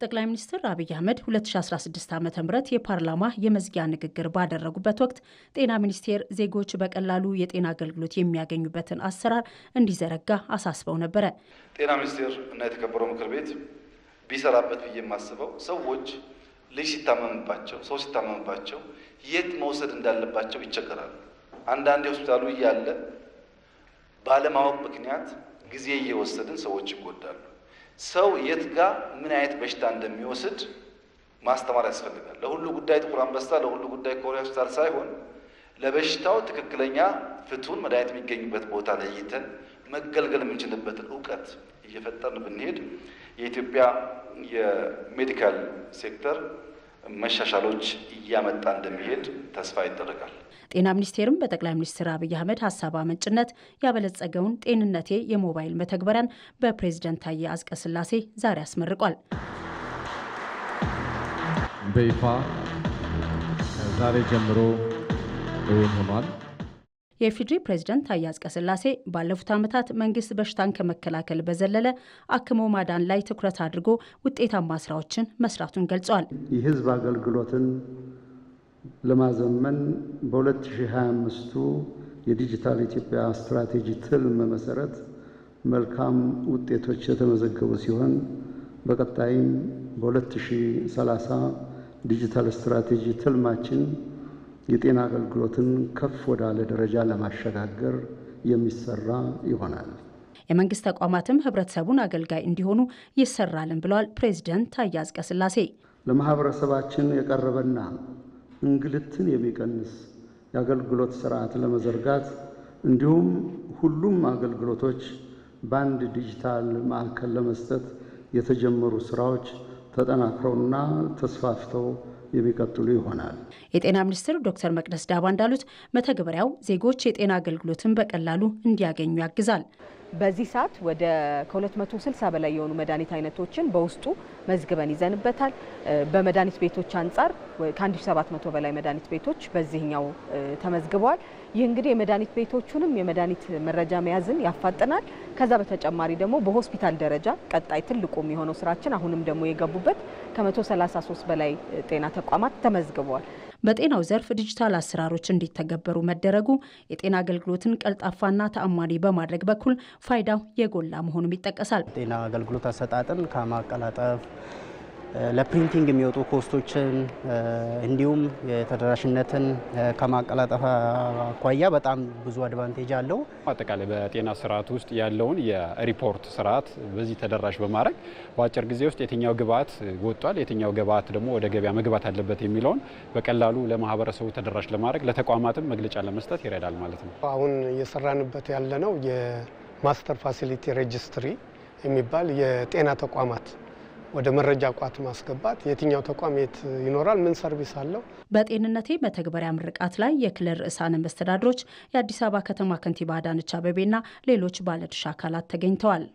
ጠቅላይ ሚኒስትር አብይ አህመድ 2016 ዓ ም የፓርላማ የመዝጊያ ንግግር ባደረጉበት ወቅት ጤና ሚኒስቴር ዜጎች በቀላሉ የጤና አገልግሎት የሚያገኙበትን አሰራር እንዲዘረጋ አሳስበው ነበረ። ጤና ሚኒስቴር እና የተከበረው ምክር ቤት ቢሰራበት ብዬ የማስበው ሰዎች ልጅ ሲታመምባቸው፣ ሰው ሲታመምባቸው የት መውሰድ እንዳለባቸው ይቸገራሉ። አንዳንዴ ሆስፒታሉ እያለ ባለማወቅ ምክንያት ጊዜ እየወሰድን ሰዎች ይጎዳሉ። ሰው የት ጋር ምን አይነት በሽታ እንደሚወስድ ማስተማር ያስፈልጋል። ለሁሉ ጉዳይ ጥቁር አንበሳ፣ ለሁሉ ጉዳይ ኮሪያ ሆስፒታል ሳይሆን ለበሽታው ትክክለኛ ፍቱን መድኃኒት የሚገኝበት ቦታ ለይተን መገልገል የምንችልበትን እውቀት እየፈጠርን ብንሄድ የኢትዮጵያ የሜዲካል ሴክተር መሻሻሎች እያመጣ እንደሚሄድ ተስፋ ይደረጋል። ጤና ሚኒስቴርም በጠቅላይ ሚኒስትር አብይ አህመድ ሀሳብ አመንጭነት ያበለጸገውን ጤንነቴ የሞባይል መተግበሪያን በፕሬዝደንት ታዬ አጽቀሥላሴ ዛሬ አስመርቋል። በይፋ ዛሬ ጀምሮ እውን ሆኗል። የኢፌዴሪ ፕሬዚደንት ታዬ አጽቀሥላሴ ባለፉት ዓመታት መንግስት በሽታን ከመከላከል በዘለለ አክሞ ማዳን ላይ ትኩረት አድርጎ ውጤታማ ስራዎችን መስራቱን ገልጸዋል። የህዝብ አገልግሎትን ለማዘመን በ2025 የዲጂታል ኢትዮጵያ ስትራቴጂ ትልም መሰረት መልካም ውጤቶች የተመዘገቡ ሲሆን በቀጣይም በ2030 ዲጂታል ስትራቴጂ ትልማችን የጤና አገልግሎትን ከፍ ወዳለ ደረጃ ለማሸጋገር የሚሰራ ይሆናል። የመንግስት ተቋማትም ህብረተሰቡን አገልጋይ እንዲሆኑ ይሰራልን ብለዋል ፕሬዚደንት ታዬ አጽቀሥላሴ። ለማህበረሰባችን የቀረበና እንግልትን የሚቀንስ የአገልግሎት ስርዓት ለመዘርጋት እንዲሁም ሁሉም አገልግሎቶች በአንድ ዲጂታል ማዕከል ለመስጠት የተጀመሩ ስራዎች ተጠናክረውና ተስፋፍተው የሚቀጥሉ ይሆናል። የጤና ሚኒስትር ዶክተር መቅደስ ዳባ እንዳሉት መተግበሪያው ዜጎች የጤና አገልግሎትን በቀላሉ እንዲያገኙ ያግዛል። በዚህ ሰዓት ወደ ከ260 በላይ የሆኑ መድኃኒት አይነቶችን በውስጡ መዝግበን ይዘንበታል። በመድኃኒት ቤቶች አንጻር ከ1700 በላይ መድኃኒት ቤቶች በዚህኛው ተመዝግበዋል። ይህ እንግዲህ የመድኃኒት ቤቶቹንም የመድኃኒት መረጃ መያዝን ያፋጥናል። ከዛ በተጨማሪ ደግሞ በሆስፒታል ደረጃ ቀጣይ ትልቁ የሚሆነው ስራችን አሁንም ደግሞ የገቡበት ከ133 በላይ ጤና ተቋማት ተመዝግበዋል። በጤናው ዘርፍ ዲጂታል አሰራሮች እንዲተገበሩ መደረጉ የጤና አገልግሎትን ቀልጣፋና ተአማኒ በማድረግ በኩል ፋይዳው የጎላ መሆኑም ይጠቀሳል። ጤና አገልግሎት አሰጣጥን ከማቀላጠፍ ለፕሪንቲንግ የሚወጡ ኮስቶችን እንዲሁም የተደራሽነትን ከማቀላጠፍ አኳያ በጣም ብዙ አድቫንቴጅ አለው። አጠቃላይ በጤና ስርዓት ውስጥ ያለውን የሪፖርት ስርዓት በዚህ ተደራሽ በማድረግ በአጭር ጊዜ ውስጥ የትኛው ግብአት ወጥቷል፣ የትኛው ግብአት ደግሞ ወደ ገበያ መግባት አለበት የሚለውን በቀላሉ ለማህበረሰቡ ተደራሽ ለማድረግ ለተቋማትም መግለጫ ለመስጠት ይረዳል ማለት ነው። አሁን እየሰራንበት ያለነው የማስተር ፋሲሊቲ ሬጅስትሪ የሚባል የጤና ተቋማት ወደ መረጃ ቋት ማስገባት የትኛው ተቋም የት ይኖራል፣ ምን ሰርቪስ አለው። በጤንነቴ መተግበሪያ ምርቃት ላይ የክልል ርዕሳነ መስተዳድሮች፣ የአዲስ አበባ ከተማ ከንቲባ አዳነች አቤቤና ሌሎች ባለድርሻ አካላት ተገኝተዋል።